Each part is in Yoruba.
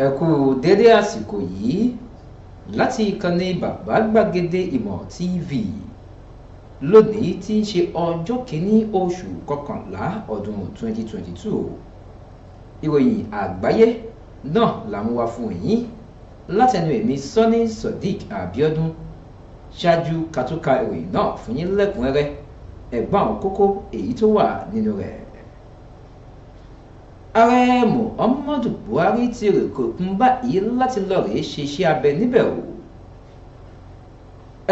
ẹ kú dédé àsìkò yìí láti ìkànnì bàbá gbàgede ìmọ̀ tv lónìí tí í ṣe ọjọ́ kìíní oṣù kọkànlá ọdún 2022 ìròyìn àgbáyé náà là ń wá fún yín látẹnu èmi sọ́ni sodiq abiodun ṣáájú katuka ìròyìn náà fún yín lẹ́kùnrẹ́rẹ́ ẹ̀gbọ́n àwọn kókó èyí tó wà nínú rẹ̀ ààrẹ muhammadu buhari ti rè kòkun báyìí láti lọ rèé ṣiṣẹ́ abẹ níbẹ̀ o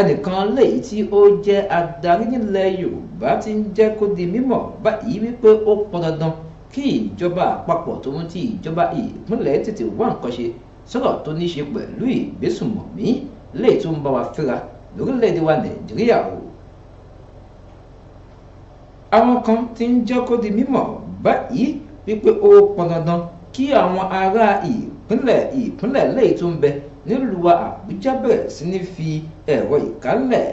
ẹnìkan léyìí tí ó jẹ́ adarí nílẹ̀ yorùbá ti ń jẹ́ kó di mímọ̀ báyìí wípé ó pọn dandan kí ìjọba àpapọ̀ tó ń ti ìjọba ìpínlẹ̀ tètè wá nǹkan ṣe sọ̀rọ̀ tó ní ṣe pẹ̀lú ìgbésùnmọ̀mí léyìí tó ń bá wa fínra lórílẹ̀‐èdè wa nàìjíríà o àwọn kan ti ń jẹ́ kó di mímọ̀ báyìí wípé ó pọn dandan kí àwọn ará ìpínlẹ̀ ìpínlẹ̀ lẹ́yìn tó ń bẹ nílùú àbújá bẹ̀rẹ̀ sí ní fi ẹ̀rọ ìkálẹ̀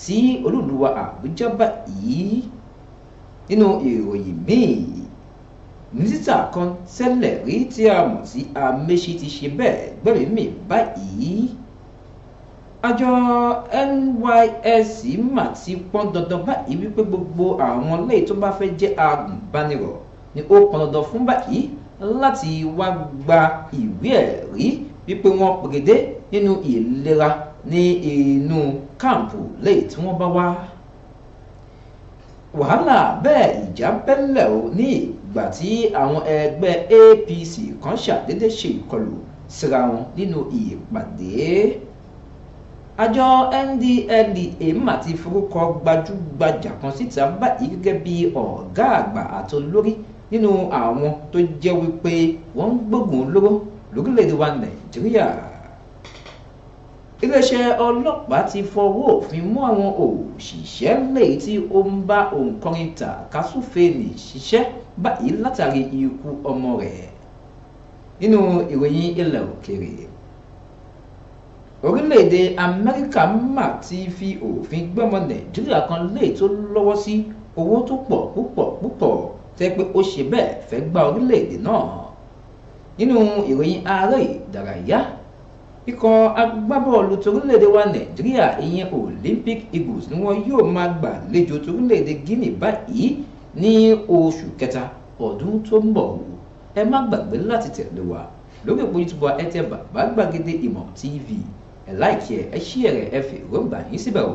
sí olúùlú àbújá báyìí nínú ìròyìn míì mínísítà kan tẹ́lẹ̀ rí tí a mọ̀ sí Amaechi ti ṣe bẹ́ẹ̀ gbẹ̀mí mi báyìí àjọ NYSC mà ti pọn dandan báyìí wípé gbogbo àwọn lẹ́yìn tó bá fẹ́ jẹ́ agùnbánirọ̀ ni ó pọn dandan fún báyìí láti wá gba ìwé ẹ̀rí wípé wọ́n pèrèdé nínú ìlera ní inú káàmpù lẹ́yìn tí wọ́n bá wá wàhálà bẹ́ẹ̀ ìjà bẹ́lẹ̀ o ní ìgbà tí àwọn ẹgbẹ́ APC kan ṣàdédé ṣe ìkọlù síra wọn nínú ìpàdé àjọ NDLEA mà ti forúkọ gbajúgbajà kan síta báyìí gẹ́gẹ́ bí ọ̀gá àgbà àti olórí nínú àwọn tó jẹ́ wípé wọ́n ń gbógun olówó lórílẹ̀‐èdè wa nàìjíríà iléeṣẹ́ ọlọ́pàá ti fọwọ́ òfin mú àwọn òṣìṣẹ́ lẹ́yìn tí ó ń bá òǹkọrin tàkásùfèèlì ṣiṣẹ́ báyìí látàrí ikú ọmọ rẹ̀ nínú ìròyìn ilẹ̀ òkèèrè orílẹ̀-èdè amẹ́ríkà mà ti fi òfin gbọ́mọ nàìjíríà kan lè tó lọ́wọ́ sí owó tó pọ̀ púpọ̀ púpọ̀ tẹ́ pé ó ṣe bẹ́ẹ̀ fẹ́ gba orílẹ̀-èdè náà nínú ìròyìn ààrẹ ìdárayá ikọ̀ agbábọ́ọ̀lù torílẹ̀-èdè wa nàìjíríà ìyẹn olympic eagles ni wọ́n yóò máa gbàlejò torílẹ̀-èdè guinea báyìí ní oṣù kẹta ọdún tó ń bọ̀ wò ẹ má gbàgbé láti tẹ̀lé wa lórí ìpò youtube wa ẹ tẹ bàbá gbàgede ìmọ̀ tv ẹ láìkí ẹ ẹ ṣí ẹ̀rẹ̀ ẹ fi èròǹgbà yín síbẹ̀ o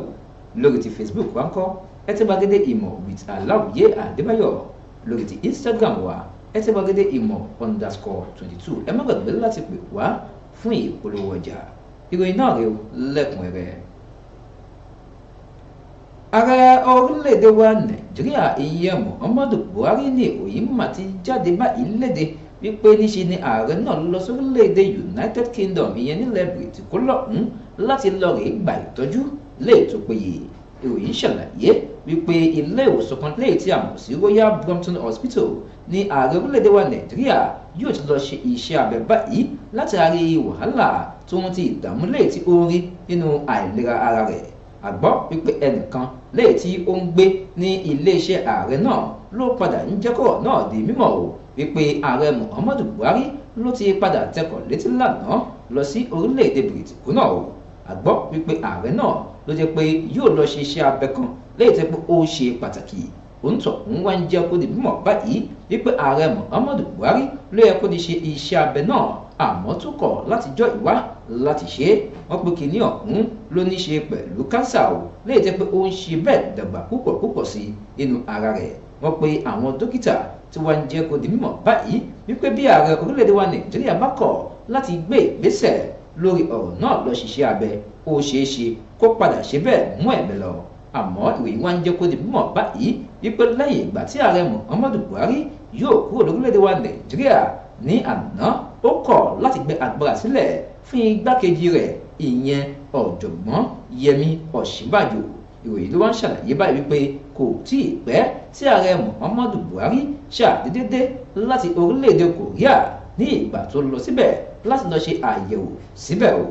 lórí ti facebook wa ń kọ́ ẹ tẹ gbàgede ìmọ̀ with aláwìyé àdébáyọ̀ lórí ti Instagram wa ẹ tẹ́ gbàgede ìmọ̀ underscore twenty two ẹ má gbàgbé láti pè wá fún ìpolówó ọjà ìròyìn náà rèé lẹ́kùnrẹ́rẹ́ ààrẹ orílẹ̀-èdè wa nàìjíríà ìyẹn muhammadu buhari ní ìròyìn mà ti jáde báyìí léde wípé níṣe ni ààrẹ náà lọ sórílẹ̀-èdè united kingdom ìyẹn nílẹ̀ britain kó lọ́hùn-ún láti lọ rèé gba ìtọ́jú léètò péye ìròyìn ṣàlàyé wípé ilé ìwòsàn kan léyìí tí a mọ̀ sí Royal Brompton Hospital ní ààrẹ orílẹ̀-èdè wa Nàìjíríà yóò ti lọ ṣe iṣẹ́ abẹ báyìí látàrí wàhálà tó ń ti ìdààmú léyìí tí ó rí nínú àìlera ara rẹ̀ àgbọ́ wípé ẹnìkan léyìí tí ó ń gbé ní iléeṣẹ́ ààrẹ náà ló padà ń jẹ́kọ̀ọ́ náà di mímọ̀ o wípé ààrẹ Muhammadu Buhari ló ti padà tẹkọ̀ létí lánàá lọ sí orílẹ̀-èdè Britain náà o àgbọ́ wípé ààrẹ náà ló jẹ́ pé yóò lọ ṣe iṣẹ́ abẹ kan léyìí tó pé ó ṣe pàtàkì òǹtọ̀ òun wá ń jẹ́ kó di mímọ̀ báyìí wípé ààrẹ Muhammadu Buhari ló yẹ kó di ṣe iṣẹ́ abẹ náà àmọ́ tó kọ̀ láti jọ ìwá láti ṣe é wọ́n pe kínní ọ̀hún ló ní ṣe pẹ̀lú kánsà o léyìí tó pé ó ń ṣe bẹ́ẹ̀ dàgbà púpọ̀ púpọ̀ sí inú ara rẹ̀ wọ́n pe àwọn dókítà tí wọ́n ń jẹ́ kó di mímọ̀ báyìí wípé bí ààrẹ orílẹ̀-èdè wa Nàìjíríà bá kọ̀ láti gbé ìgbésẹ̀ lórí ọ̀rọ̀ náà lọ ṣiṣẹ́ abẹ ó ṣeé ṣe kó padà ṣe bẹ́ẹ̀ mú ẹ̀mí lọ àmọ́ ìròyìn wa ń jẹ́ kó di mímọ̀ báyìí wípé lẹ́yìn ìgbà tí ààrẹ Muhammadu Buhari yóò kúrò lórílẹ̀‐èdè wa Nàìjíríà ní àná ó kọ̀ láti gbé agbára sílẹ̀ fún igbákejì rẹ̀ ìyẹn ọ̀jọ̀gbọ́n Yẹmí Ọ̀ṣínbàjò ìròyìn ló wá ń ṣàlàyé báyìí wípé kò tí ì pẹ́ tí ààrẹ Muhammadu Buhari ṣàdédédé láti orílẹ̀‐èdè Kòríà ní ìgbà tó lọ síbẹ̀ láti lọ ṣe àyẹ̀wò síbẹ̀ o.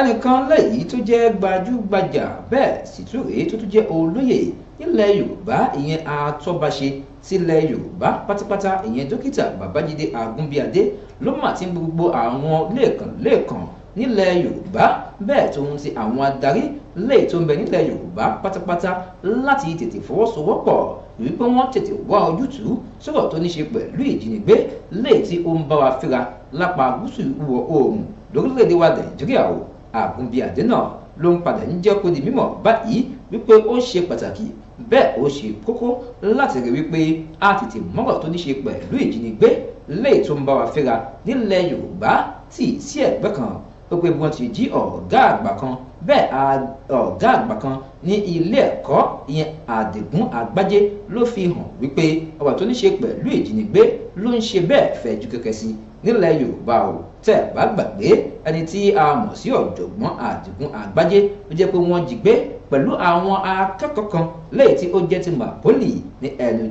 ẹnìkan lẹ́yìn tó jẹ́ gbajúgbajà bẹ́ẹ̀ sì tún èyí tó tún jẹ́ olóyè nílẹ̀ yorùbá ìyẹn atọ́baṣe tilẹ̀ yorùbá pátápátá ìyẹn dókítà babájídé agúnbíadé ló mà ti ń gbogbo àwọn lẹ́ẹ̀kan lẹ́ẹ̀kan nílẹ̀ yorùbá bẹ́ẹ̀ tó ń ti àwọn adarí lẹ́yìn tó ń bẹ nílẹ̀ yorùbá pátápátá láti tètè fọwọ́sowọ́pọ̀ wípé wọ́n tètè wá ojútùú sọ̀rọ̀ tó ní ṣe pẹ̀lú ìjínigbé léè tí ó ń bá wa fínra lápá gúúsù ìwọ̀ oòrùn lórílẹ̀‐èdè wa nàìjíríà o àgùnbí àdé náà ló ń padà ń jẹ́ kó di mímọ̀ báyìí wípé ó ṣe pàtàkì bẹ́ẹ̀ ó ṣe kókó láti rí wípé a tètè mọ́rọ̀ tó ní ṣe pẹ̀lú ìjínigbé léè tó ń bá wa fínra nílẹ̀ yorùbá tì sí ẹ̀gbẹ́ kan ó pé wọ́n ti jí ọ̀gá àgbà kan bẹ́ẹ̀ ọ̀gá àgbà kan ní ilé ẹ̀kọ́ ìyẹn àdìgún àgbájé ló fi hàn wípé ọ̀rọ̀ tó ní ṣe pẹ̀lú ìjínigbé ló ń ṣe bẹ́ẹ̀ fẹ̀jú kẹ̀kẹ́ sí nílẹ̀ yorùbá o tẹ́ bá gbàgbé ẹni tí a mọ̀ sí ọ̀jọ̀gbọ́n àdìgún àgbájé ó jẹ́ pé wọ́n jí gbé pẹ̀lú àwọn akẹ́kọ̀ọ́ kan léyìí tí ó jẹ́ ti màpólì ní ẹnu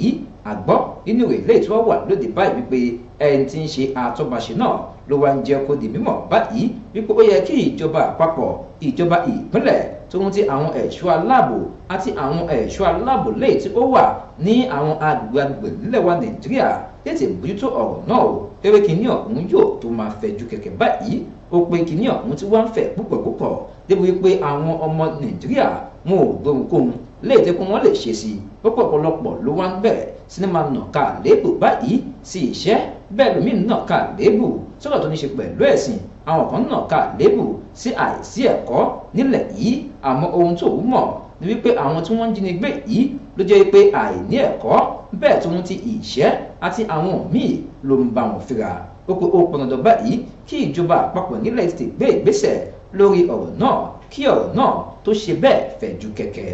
yìí àgbọ́ nínú ìwé ilé ìtura wà lóde báyìí wípé ẹni tí ń ṣe àtúnbàṣe náà ló wá ń jẹ́ kó di mímọ̀ báyìí wípé ó yẹ kí ìjọba àpapọ̀ ìjọba ìpínlẹ̀ tóun ti àwọn ẹ̀ṣọ́ aláàbò àti àwọn ẹ̀ṣọ́ aláàbò léyìí tí ó wà ní àwọn agbègbè agbègbè nílẹ̀ wa nàìjíríà tètè bójútó ọ̀rọ̀ náà o pé kínní ọ̀hún yóò tó máa fẹ̀jú kẹ̀kẹ́ báyìí ó pé kínní ọ̀hún tí wọ́n ń fẹ̀ púpọ̀ púpọ̀ débi wípé àwọn ọmọ nàìjíríà wọn ò gbóhunkóhun léèdékun wọn lè ṣe sí i ó pọ̀ ọ̀pọ̀lọpọ̀ ló wá ń bẹ̀rẹ̀ sinimá nàka àléébù báyìí sí ìṣẹ́ bẹ́ẹ̀ lómi nàka àléébù sọ́dọ̀ tó ní ṣe pẹ̀lú ẹ̀sìn àwọn kan nàka àléébù sí àìsí ẹ̀kọ́ nílẹ̀ yìí àmọ́ ohun tó wù mọ̀ ni wípé àwọn tí wọ́n ń jínigbé yìí ló jẹ́ pé àìní ẹ̀kọ́ bẹ́ẹ̀ tó ń ti ìṣẹ́ àti àwọn míì ló ń bá wọn fira ó pe ó pọn báyìí kí ìjọba àpapọ̀ nílẹ̀ ti gbé ìgbésẹ̀ lórí ọ̀rọ̀ náà kí ọ̀rọ̀ náà tó ṣe bẹ́ẹ̀ fẹ̀ ju kẹ̀kẹ́.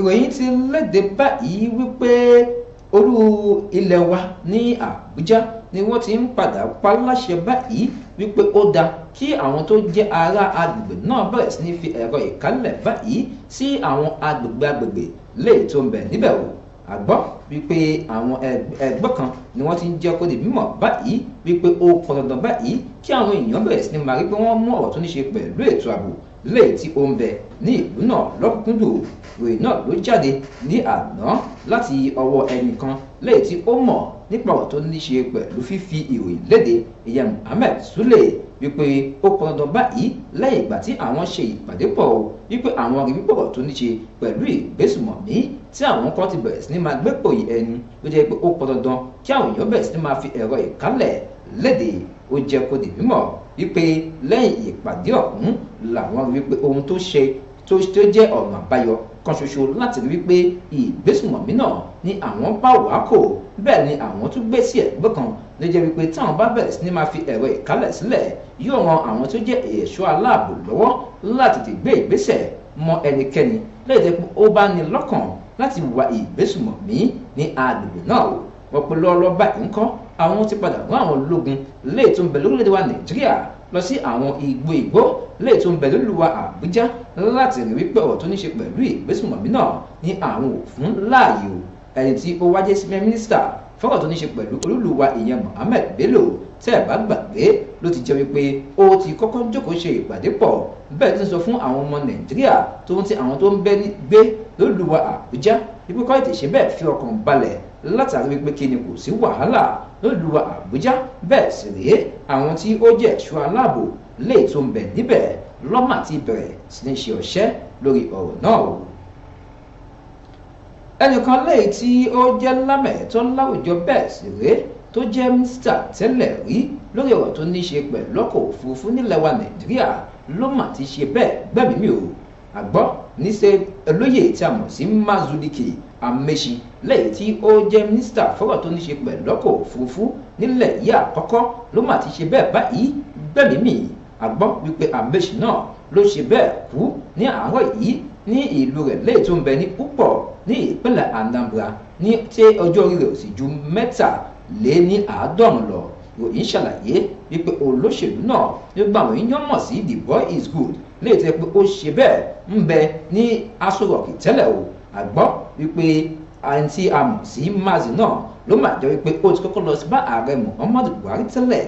ìròyìn ti léde báyìí wípé olú ilẹ̀ wa ní Àbújá ni wọ́n ti ń padà pa láṣẹ báyìí wípé ó da kí àwọn tó jẹ́ ará agbègbè náà bẹ̀rẹ̀ sí ní fi ẹ̀rọ ìkálẹ̀ báyìí sí àwọn agbègbè agbègbè lè tó ń bẹ̀ níbẹ̀ o àgbọ́ wípé àwọn ẹgbẹ́ kan ni wọ́n ti ń jẹ́ kó di mímọ̀ báyìí wípé ó pọn dandan báyìí kí àwọn èèyàn bẹ̀rẹ̀ sí ní máa rí pé wọ́n mú ọ̀rọ̀ tó ní ṣe pẹ̀lú ètò ààbò léyìí tí ó ń bẹ ní ìlú náà lọ́kùnkúndùn ìròyìn náà ló jáde ní àná láti ọwọ́ ẹnìkan léyìí tí ó mọ̀ nípa ọ̀rọ̀ tó ní ṣe pẹ̀lú fífi ìròyìn léde ìyá Muhammed Sule wípé ó pọn dandan báyìí lẹ́yìn ìgbà tí àwọn ṣe ìpàdé pọ̀ o wípé àwọn rí wípé tó ní ṣe pẹ̀lú ìgbésùmọ̀mí tí àwọn kan ti bẹ̀rẹ̀ sí ní máa gbépò yìí ẹnu ló jẹ́ pé ó pọn dandan kí àwọn èèyàn bẹ̀rẹ̀ sí ní máa fi ẹ̀rọ ìkálẹ̀ léde ó jẹ́ kó di mímọ̀ wípé lẹ́yìn ìpàdé ọ̀hún làwọn wípé ohun tó ṣe tó jẹ́ ọ̀nà àbáyọ kan ṣoṣo láti rí wípé ìgbésùmọ̀mí náà ni àwọn bá wàá kò bẹ́ẹ̀ ni àwọn tún gbé sí ẹ̀gbẹ́ kan ló jẹ́ wípé táwọn bá bẹ̀rẹ̀ sí ni máa fi ẹ̀rọ ìkálẹ̀ sílẹ̀ yóò ran àwọn tó jẹ́ ẹ̀ṣọ́ aláàbò lọ́wọ́ láti ti gbé ìgbésẹ̀ mọ ẹnikẹ́ni lẹ́yìn tẹ́ pé ó bá ní lọ́kàn láti wà ìgbésùmọ̀mí ní agbègbè náà wọ́n pe lọ́ọ́lọ́ báyìí ń kọ́ àwọn ti padà rán àwọn ológun léè tó ń bẹ lórílẹ̀‐èdè wa nàìjíríà lọ sí àwọn igbó igbó léè tó ń bẹ lólùwà àbújá láti rí wípé ọ̀rọ̀ tó ní ṣe pẹ̀lú ìgbésùnmọ̀mí náà ní àwọn òfin láàyò ẹni tí ó wájé sí mínísítà fọ́rọ̀ tó ní ṣe pẹ̀lú olúluwa ìyẹn Mohammed Bello tẹ́ ẹ̀ bá gbàgbé ló ti jẹ́ wípé ó ti kọ́kọ́ jókòó ṣe ìpàdé pọ̀ bẹ́ẹ̀ ti sọ fún àwọn ọmọ Nàìjíríà tó ń ti àwọn tó ń bẹ gbé lólùwà Àbújá wípé kọ́ bẹ́ẹ̀ fi ọkàn balẹ̀ látàrí wípé kí ni kò sí wàhálà lólu àbújá bẹ́ẹ̀ sì rèé àwọn tí ó jẹ́ ẹ̀ṣọ́ aláàbò lè tó ń bẹ̀ níbẹ̀ lọ́mà ti bẹ̀rẹ̀ sí ní ṣe ọ̀ṣẹ́ lórí ọ̀rọ̀ náà o ẹnìkan lẹ́yìn tí ó jẹ́ lámẹ̀ẹ́tọ́ láwùjọ bẹ́ẹ̀ sì rèé tó jẹ́ mínísítà tẹ́lẹ̀ rí lórí ọ̀rọ̀ tó ní ṣe pẹ̀lú ọkọ̀ òfurufú nílẹ̀ wa nàìjíríà ló mà ti ṣe bẹ́ẹ̀ gbẹ̀mí mi ò àgbọ́ níṣẹ́ olóyè tí a mọ̀ sí Mazudike Amaechi lẹ́yìn tí ó jẹ́ mínísítà fọ́rọ̀ tó ní ṣe pẹ̀lú ọkọ̀ òfurufú nílẹ̀ yìí àkọ́kọ́ ló mà ti ṣe bẹ́ẹ̀ báyìí gbẹ̀mímì àgbọ́ wípé Amaechi náà ló ṣe bẹ́ẹ̀ kú ní àárọ̀ yìí ní ìlú rẹ̀ lẹ́yìn tó ń bẹ ní púpọ̀ ní ìpínlẹ̀ Anambra ní tí ọjọ́ orí rẹ̀ ò sì ju mẹ́tàléní àádọ́rùn lọ ròyìn ṣàlàyé wípé olóṣèlú náà nígbà wọn yán mọ̀ sí the boy is good léètẹ́ pé ó ṣe bẹ́ẹ̀ ń bẹ ní Aso Rock tẹ́lẹ̀ o àgbọ́ wípé àǹtí àmọ̀ sí mazi náà ló mà jẹ́ wípé ó ti kọ́kọ́ lọ sí bá ààrẹ Muhammadu Buhari tẹ́lẹ̀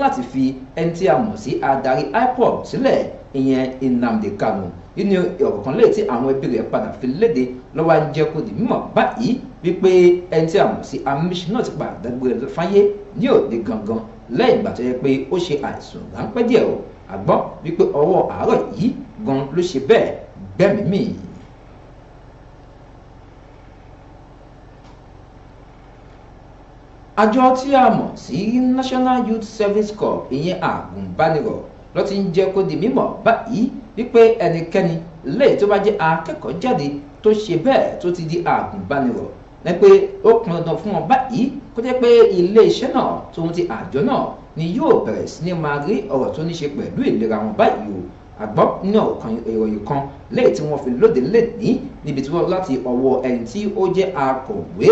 láti fi ẹni tí sí adarí IPOB sílẹ̀ ìyẹn Nnamdi Kanu nínú ọ̀rọ̀ kan léyìí tí àwọn ẹbí rẹ̀ padà fi léde lọ́wọ́ ń jẹ́ kó di mímọ̀ báyìí wípé ẹni tí sí amíṣẹ́ náà ti padà gbére fáyé ní òde gangan lẹ́yìn ìgbà tó yẹ pé ó ṣe àìsàn ráńpẹ́ díẹ̀ o àgbọ́ wípé ọwọ́ àárọ̀ yìí gan ló ṣe bẹ́ẹ̀ gbẹ́mìí mìí. àjọ tí a mọ̀ sí National Youth Service Corps ìyẹn àgùnbánirọ̀ ló ti ń jẹ́ kó di mímọ̀ báyìí wípé ẹnikẹ́ni lẹ́yìn tó bá jẹ́ akẹ́kọ̀ọ́ jáde tó ṣe bẹ́ẹ̀ tó ti di àgùnbánirọ̀ ní pé ó pọn dandan fún wọn báyìí kó jẹ́ pé iléeṣẹ́ náà tóun ti àjọ náà ni yóò bẹ̀rẹ̀ sí ní máa rí ọ̀rọ̀ tó ní ṣe pẹ̀lú ìlera wọn báyìí o àgbọ́ ní ọ̀kan ìròyìn kan lẹ́yìn tí wọ́n fi lóde lẹ́ẹ̀ní níbi tí wọ́n láti ọwọ́ ẹni tí ó jẹ́ akọ̀wé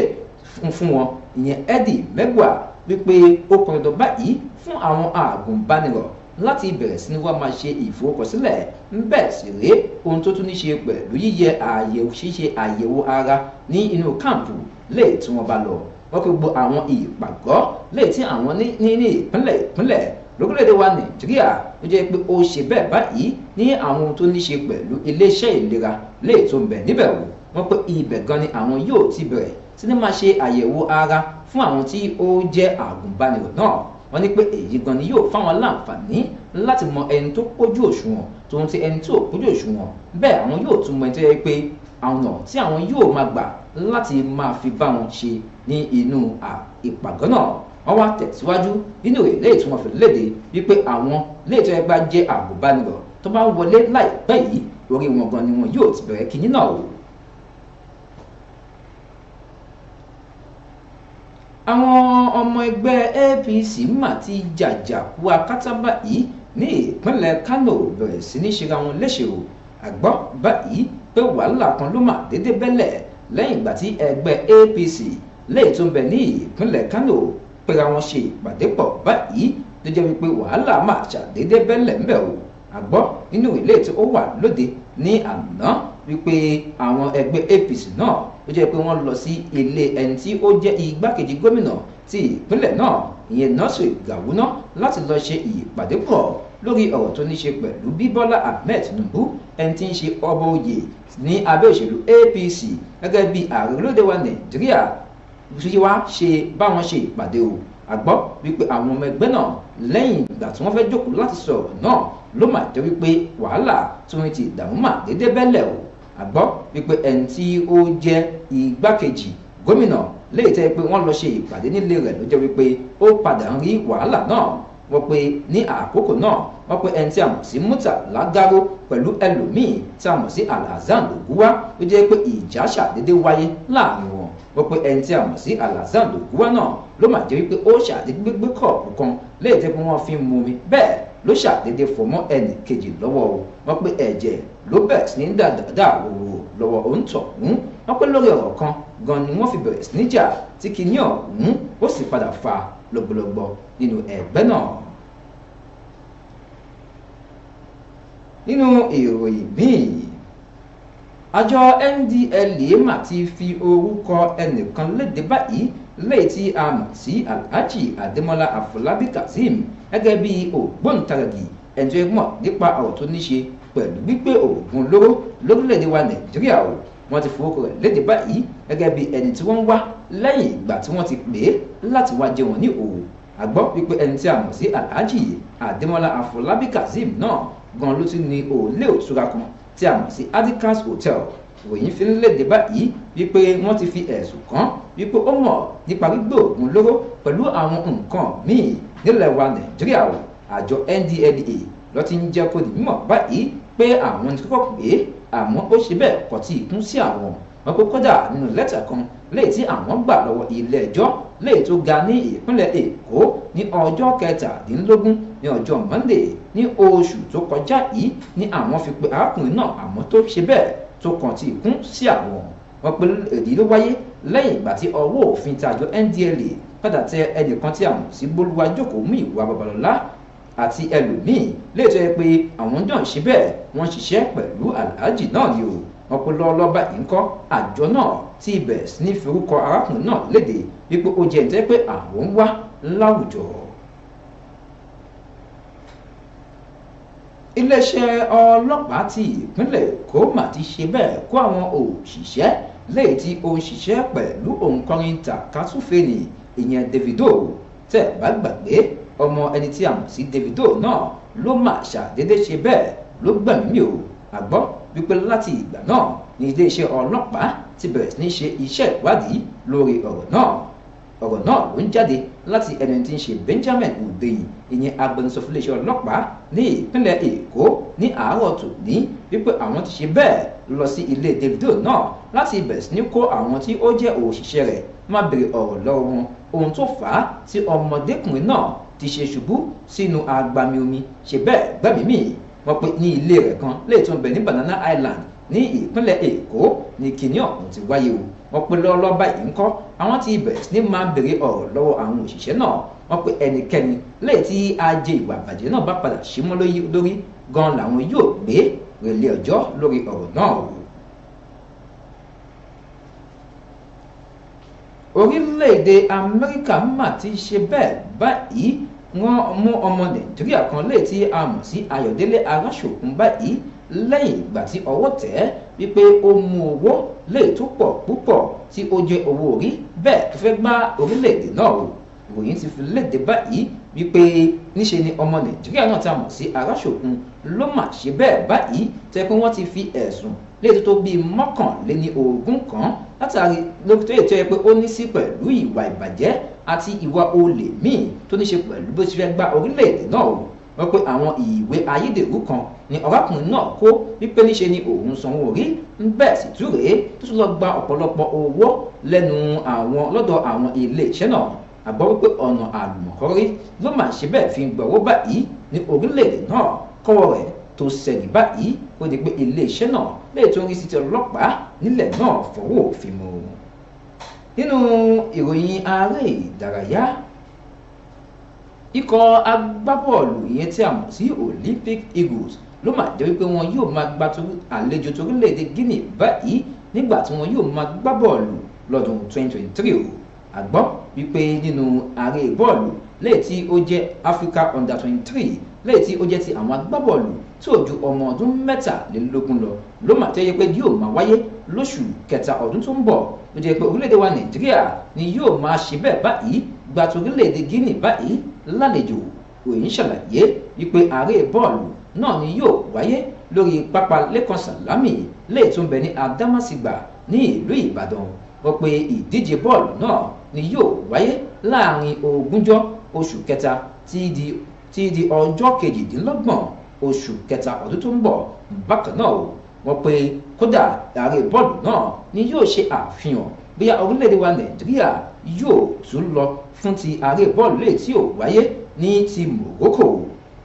fún wọn ìyẹn Eddie Megwa wípé ó kan dandan báyìí fún àwọn àgùnbánirọ̀ láti bẹ̀rẹ̀ sí ni wá máa ṣe ìforúkọsílẹ̀ ń bẹ̀ sí rèé ohun tó tún ní ṣe pẹ̀lú yíyẹ àyẹ̀wò ṣíṣe àyẹ̀wò ara ní inú káàmpù lè tí wọ́n bá lọ wọ́n kó gbogbo àwọn ìpàgọ́ lè tí àwọn ní ní ìpínlẹ̀ ìpínlẹ̀ lórílẹ̀ wa nàìjíríà ló jẹ́ pé ó ṣe bẹ́ẹ̀ báyìí ní àwọn ohun tó ní ṣe pẹ̀lú iléeṣẹ́ ìlera lè tó ń bẹ̀ níbẹ̀ wò wọ́n pé ibẹ̀ gan ni àwọn yóò ti bẹ̀rẹ̀ sinima ṣe àyẹ̀wò ara fún àwọn tí ó jẹ́ àgùnbánirọ̀ náà wọ́n ní pé èyí gan ni yóò fáwọn láǹfààní láti mọ ẹni tó pójú òṣùwọ̀n tòun ti ẹni tí ò pójú òṣùwọ̀n bẹ́ẹ̀ àwọn yóò tún mọ ẹni tó yẹ pé ọ̀nà tí àwọn yóò máa gbà láti máa fi bá wọn ṣe ní inú ìpàgọ́ náà wọ́n wá tẹ̀síwájú nínú ìlé ìtumọ̀ fìlédè wípé àwọn ilé ìtọ́ ẹgbẹ́ jẹ́ àgùnbánirọ̀ tó bá wọlé láìpẹ́ yìí orí wọn gan ni wọn yóò ti bẹ̀rẹ̀ kínní náà wò àwọn ọmọ ẹgbẹ́ APC mà ti jàjàkú akátá báyìí ní ìpínlẹ̀ Kánò bẹ̀rẹ̀ sí ní ṣera wọn léṣèrò àgbọ́ báyìí pé wàhálà kan ló mà dédé bẹ́lẹ̀ lẹ́yìn ìgbà tí ẹgbẹ́ APC lẹ́yìn tó ń bẹ ní ìpínlẹ̀ Kánò pera wọn ṣe ìpàdé pọ̀ báyìí tó jẹ́ wípé wàhálà mà ṣàdédé bẹ́lẹ̀ ńbẹ̀ o àgbọ́ nínú ilé tí ó wà lóde ní àná wípé àwọn ẹgbẹ́ APC náà ó jẹ́ pé wọ́n lọ sí ilé ẹni tí ó jẹ́ igbákejì gómìnà ti ìpínlẹ̀ náà ìyẹn Nasiru Gawuna láti lọ ṣe ìpàdé pọ̀ lórí ọ̀rọ̀ tó ní ṣe pẹ̀lú bí Bọ́lá Ahmed Tinubu ẹni tí ń ṣe ọba oyè ní abẹ́ òṣèlú APC gẹ́gẹ́ bí ààrẹ orílẹ̀-èdè wa Nàìjíríà wá ṣe báwọn ṣe ìpàdé o àgbọ́ wípé àwọn ọmọ ẹgbẹ́ náà lẹ́yìn ìgbà tí wọ́n fẹ́ jókòó láti sọ̀rọ̀ náà ló mà jẹ́ wípé wàhálà tó ń ti ìdààmú mà déédéé bẹ́lẹ̀ o àgbọ́ wípé ẹni tí ó jẹ́ igbákejì gómìnà léyìí tẹ́ pé wọ́n lọ ṣe ìpàdé nílé rẹ̀ ló jẹ́ wípé ó padà ń rí wàhálà náà wọ́n pe ní àkókò náà wọ́n pe ẹni tí a mọ̀ sí mútà lágáró pẹ̀lú ẹlòmíì tí a mọ̀ sí alhazan lògúwá ló jẹ́ pé ìjà ṣàdédé wáyé láàrin wọn wọ́n pe ẹni tí a mọ̀ sí alhazan lògúwá náà ló mà jẹ́ wípé ó ṣàdédé gbé kọ̀ọ̀pù kan léyìí tẹ́ pé wọ́n fi ń mu mi bẹ́ẹ̀ ló ṣàdédé fọmọ́ ẹnì kejì lọ́wọ́ wọ́n pe ẹ̀jẹ̀ ló bẹ̀rẹ̀ sí ní dáadáa wòwò lọ́wọ́ òǹtọ̀ ọ̀hún wọ́n pẹ́ lórí ọ̀rọ̀ kan gan ni wọ́n fi bẹ̀rẹ̀ sí níjà tí kinní ọ̀hún ó sì padà fa lọ́gbọ̀lọ́gbọ̀ nínú ẹ̀gbẹ́ náà. nínú ìròyìn míì àjọ NDLEA mà ti fi orúkọ ẹnìkan léde báyìí lẹ́yìn tí a mọ̀ sí Alhaji Adémọ́lá Afọlábí Kazeem gẹ́gẹ́ bí ògbóǹtarìgì ẹni tó mọ̀ nípa ọ̀rọ̀ tó ní ṣe pẹ̀lú gbígbé oògùn olóró lórílẹ̀‐èdè wa nàìjíríà o wọ́n ti forúkọ rẹ̀ léde báyìí gẹ́gẹ́ bí ẹni tí wọ́n ń wá lẹ́yìn ìgbà tí wọ́n ti pè é láti wá jẹun ní òwò àgbọ́ wípé ẹni tí a mọ̀ sí alhaji adémọ́lá afọlábí kazeem náà gan ló tún ní òòlé òṣùra kan tí a mọ̀ sí adikans hotel ròyìn fi léde báyìí wípé wọ́n ti fi ẹ̀sùn kàn wípé ó mọ̀ nípa gbígbé oògùn olóró pẹ̀lú àwọn nǹkan míì nílẹ̀ wa nàìjíríà o àjọ ndlea ló ti ń jẹ́ kó di mímọ̀ báyìí pé àwọn ní kọ́kọ́ pé àmọ́ ó ṣe bẹ́ẹ̀ kò tí ì kún sí àwọn wọn kó kódà nínú lẹ́tà kan léyìí tí àwọn gbà lọ́wọ́ ilé ẹjọ́ léyìí tó ga ní ìpínlẹ̀ èkó ní ọjọ́ kẹtàdínlógún ní ọjọ́ monday ní oṣù tó kọjá yìí ni àwọn fi pe arákùnrin náà àmọ́ tó ṣe bẹ́ẹ̀ tó kàn tí ì kún sí àwọn wọn pe èdè ló wáyé lẹ́yìn ìgbà tí ọwọ́ òfin tàjọ ndla padà tẹ ẹnìkan tí àwọn sì gbólúwa jókòó mú ìwà babalọ́lá àti ẹlòmíì lè tó yẹ pé àwọn jọ ń ṣe bẹ́ẹ̀ wọ́n ṣiṣẹ́ pẹ̀lú aláàjì náà ni o ọpọlọ ọlọ́ba yìí àjọ náà tí ibẹ̀ ní forúkọ arákùnrin náà léde wípé ó jẹ́ ìtẹ́ pé àwọn ń wá láwùjọ. iléeṣẹ́ ọlọ́pàá ti ìpínlẹ̀ èkó mà ti ṣe bẹ́ẹ̀ kó àwọn òṣìṣẹ́ lẹ́yìn tí ó ń ṣiṣẹ́ pẹ̀lú òǹkọrin tàkàtúfèènì ìyẹn Davido tẹ̀ bá gbàgbé ọmọ ẹni tí a mọ̀ sí Davido náà ló mà ṣàdédé ṣe bẹ́ẹ̀ ló gbẹ̀mí o àgbọ́ wípé láti ìgbà náà ni iléeṣẹ́ ọlọ́pàá ti bẹ̀rẹ̀ sí ní ṣe iṣẹ́ ìwádìí lórí ọ̀rọ̀ náà ọ̀rọ̀ náà ló ń jáde láti ẹni tí ń ṣe Benjamin Hundeyin ìyẹn agbẹnusọ fún iléeṣẹ́ ọlọ́pàá ní ìpínlẹ̀ Èkó ní àárọ̀ tòní wípé àwọn ti ṣe bẹ́ẹ̀ lọ sí ilé Davido náà láti bẹ̀rẹ̀ sí ní kó àwọn tí ó jẹ́ òṣìṣẹ́ rẹ̀ má béèrè ọ̀rọ̀ lọ́wọ́ wọn ohun tó fà á tí ọmọdékùnrin náà ti ṣe ṣubú sínú agbami omi ṣe bẹ́ẹ̀ gbẹ́mìí mì wọ́n pe ní ilé rẹ̀ kan léè tó ní Banana Island ní ìpínlẹ̀ Èkó ní kinní ọ̀hún ti wáyé o wọ́n pe lọ́ọ́lọ́ báyìí ńkọ́ àwọn ti bẹ̀rẹ̀ sí ní máa béèrè ọ̀rọ̀ lọ́wọ́ àwọn òṣìṣẹ́ náà wọ́n pe ẹnikẹ́ni léè tí ajé ìwà àbàjẹ́ náà bá padà símú lórí gan làwọn yóò gbé relé ọjọ́ lórí ọ̀rọ̀ náà o. orílẹ̀-èdè Amẹ́ríkà mà ti ṣe bẹ́ẹ̀ báyìí wọ́n mú ọmọ nàìjíríà kan lè tí a mọ̀ sí ayọ̀délé aráṣòkun báyìí lẹ́yìn ìgbà tí ọwọ́ tẹ̀ ẹ́ wípé ó mú owó lè tó pọ̀ púpọ̀ tí ó jẹ owó orí bẹ́ẹ̀ tó fẹ́ gbá orílẹ̀-èdè náà o ìròyìn ti fi léde báyìí wípé níṣe ni ọmọ nàìjíríà náà ta mọ̀ sí aráṣòkun ló mà ṣe bẹ́ẹ̀ báyìí tẹ́ pé wọ́n ti fi ẹ̀sùn léètò tó bíi mọ́kànléní ogún kan látàrí lókítọ́ ètò ẹ pé ó ní sí pẹ̀lú ìwà ìbàjẹ́ àti ìwà olè míì tó ní ṣe pẹ̀lú bó ti fẹ́ gba orílẹ̀-èdè náà o wọ́n pé àwọn ìwé ayédèrú kan ni ọ̀rákùnrin náà kó wípé níṣe ni òun sanwó orí ń bẹ̀ sí tú rèé tó tún lọ gba ọ̀pọ̀lọpọ̀ owó lẹ́nu àwọn lọ́dọ̀ àwọn iléeṣẹ́ náà àgbọ́ wípé ọ̀nà àlùmọ̀kọ́rí ló mà ṣe bẹ́ẹ̀ fi gbọ̀wọ́ báyìí ní orílẹ̀-èdè náà kọ́wọ́ rẹ̀ tó ṣẹ̀lì báyìí ó di pé iléeṣẹ́ náà lè tó rí sí ti ọlọ́pàá nílẹ̀ náà fọwọ́ òfin mu nínú ìròyìn aré ìdárayá ikọ̀ agbábọ́ọ̀lù ìyẹn tí a mọ̀ sí Olympic Eagles ló máa jẹ́ wípé wọn yóò máa gba àlejò torílẹ̀-èdè Guinea báyìí nígbà tí wọn yóò máa gbá bọ́ọ̀lù lọ́dún 2023 o a gbọ́ wípé nínú aré bọ́ọ̀lù lẹ́yìn tí ó jẹ́ Africa Under 23 lẹ́yìn tí ó jẹ́ ti àwọn agbábọ́ọ̀lù tí ò ju ọmọ ọdún mẹ́tàlélógún lọ ló mà tẹ́ yẹ pé yóò máa wáyé lóṣù kẹta ọdún tó ń bọ̀ ló jẹ́ pé orílẹ̀-èdè wa nàìjíríà ni yóò máa ṣe bẹ́ẹ̀ báyìí gbàtò orílẹ̀-èdè guinea báyìí lálejò òyìn ṣàlàyé wípé ààrẹ bọ́ọ̀lù náà ni yóò wáyé lórí pápá lẹ́kàn sàlámì lè tún bẹ ní adámásìgbà ní ìlú ìbàdàn wọ́n pé ìdíje bọ́ọ̀lù náà ni yóò wáyé láàrin ogúnjọ́ oṣù kẹta tí di ọjọ́ kejìdínlọ́gbọ̀n oṣù kẹta ọdún tó ń bọ̀ bákan náà o wọ́n pe kódà ààrẹ bọ́ọ̀lù náà ni yóò ṣe àfihàn bóyá orílẹ̀-èdè wa nàìjíríà yóò tún lọ fún ti ààrẹ bọ́ọ̀lù lè tí ò wáyé ní ti morocco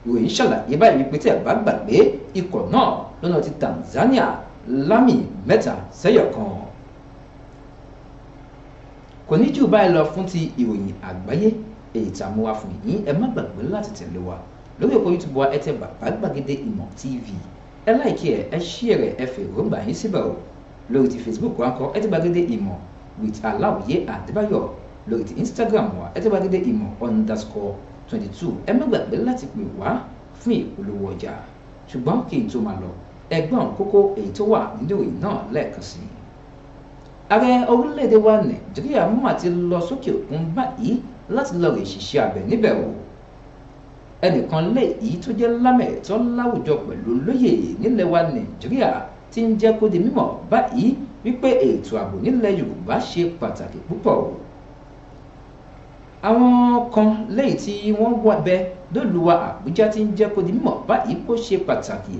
ìròyìn ṣàlàyé báyìí wípé tẹ́ bá gbàgbé ikọ̀ náà lọ́nà ti tanzania lámì mẹ́ta sẹ́yọ̀ kan kò ní jù báyìí lọ fún ti ìròyìn àgbáyé èyí tá a fún yín ẹ má gbàgbé láti tẹ̀lé wa lórí òpó youtube wa ẹ tẹ bàbá gbàgede tv ẹ láìkí ẹ ẹ ṣí rẹ ẹ fẹ́ rògbà yín síbẹ̀ o lórí ti facebook wa kọ ẹ tẹ gbàgede ìmọ̀ with aláwìyé àdébáyọ̀ lórí ti instagram wa ẹ tẹ gbàgede ìmọ̀ underscore twenty two ẹ má gbàgbé láti pè wá fún ìpolówó ọjà ṣùgbọ́n kí n tó máa lọ ẹgbọ́n kókó èyí tó wà nílò yìí náà lẹ́ẹ̀kan sí i ààrẹ orílẹ̀-èdè wa nàìjíríà mú àti lọ sókè òkun báyìí láti lọ rè ṣiṣẹ́ abẹ níbẹ̀ wò ẹnìkan léyìí tó jẹ́ lámẹ̀tọ́ láwùjọ pẹ̀lú lóyè nílẹ̀ wa nàìjíríà ti ń jẹ́ kó di mímọ̀ báyìí wípé ètò ààbò nílẹ̀ yorùbá ṣe pàtàkì púpọ̀ àwọn kan léyìí tí wọ́n wà bẹ́ẹ̀ lóluwa àbújá ti ń jẹ́ kó di mímọ̀ báyìí kó ṣe pàtàkì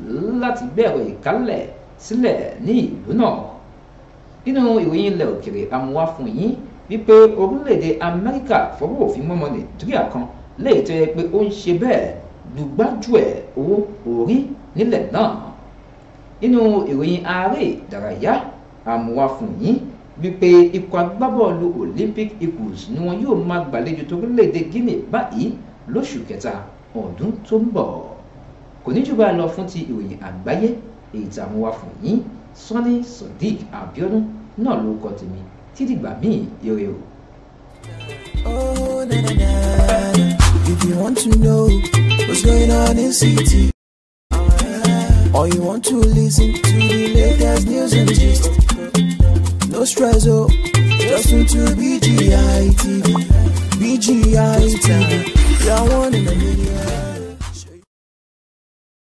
láti bẹ̀rẹ̀ ìkálẹ̀ sílẹ̀ ní ìlú náà nínú ìròyìn ilẹ̀ òkèrè amúwá fún yín wípé orílẹ̀-èdè amẹ́ríkà fọwọ́ òfin mọ́mọ́ nàìjíríà kan léè tó yẹ pé ó ń ṣe bẹ́ẹ̀ lùgbájú ẹ̀ owó orí nílẹ̀ náà nínú ìròyìn ààrẹ ìdárayá àmúwá fún wípé ikọ̀ agbábọ́ọ̀lù Olympic Eagles ni wọn yóò máa gbàlejò torílẹ̀-èdè Guinea báyìí lóṣù kẹta ọdún tó ń bọ̀ kò ní jù bá a lọ fún ti ìròyìn àgbáyé èyí tí àmúwá fún yín Sunny Abiodun náà ló kọ tèmi títí gbà míì ire o. Oh, you want to know what's going on in city, or you want to listen to the latest news and gist, no stress, oh, just tune to BGI TV, BGI TV, you're one in a million.